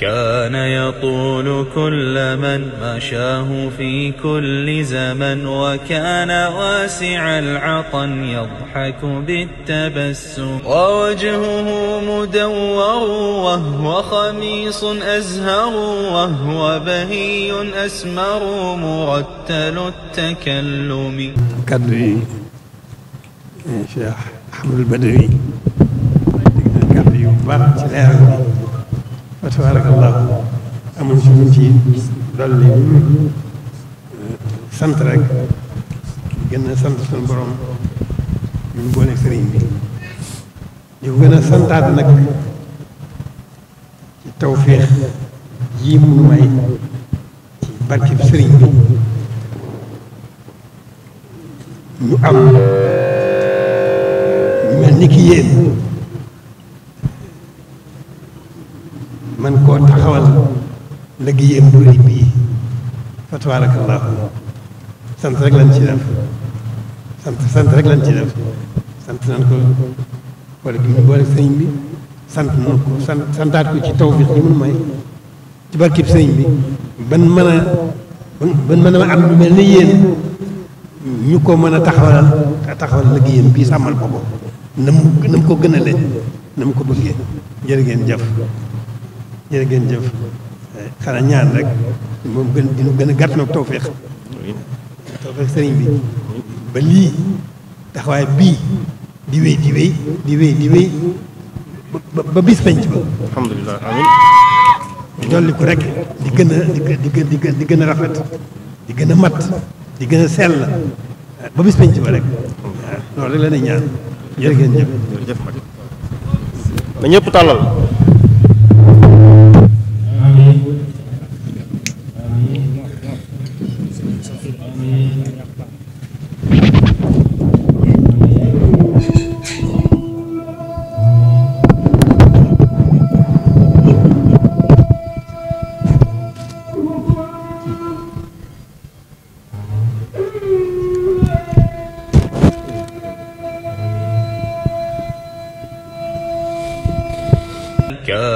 كان يطول كل من مشاه في كل زمن وكان واسع العطن يضحك بالتبسم ووجهه مدور وهو خميص أزهر وهو بهي أسمر مرتل التكلم كدري شيخ أحمد البدوي كدري وبرد tabaarakallaahu amuñ si luñ ci dolli eh, sant rek gën a sant suñu borom ñun boole sëriñ bi ñu gën a santaat nag ci tawféex yi mu may ci barke bi sëriñ bi ñu am mel ni ki yéen man koo taxawal liggéeyam bu rëy bii fa sant rek lañ ci def sant sant rek lañ ci def sant nañ ko wala bi ñu boole sëñ bi sant nañ ko sant santaat ko ci tawfiq yi mun may ci barkib sëñ bi ban mën a ban mën a am lu mel ni yéen ñu ko mën a taxawalal taxawal liggéeyam bii sàmmal ko ko na mu na ko gën a leen na mu ko bëggee jërë ngeen jëf jërë ngeen jëf xanaa ñaan rek moom gën dinu gën a gàtt nag tawféex tawféex sëriñ bi ba lii taxawaay bii di wéy di wéy di wéy di wéy ba bis penc ba dolli ko rek di gën a di gën di gën a rafet di gën a mat di gën a sell ba bis penc ba rek waaw loolu rek la ñuy ñaan jërë ngeen jëf na ñëpp tàllal Chờ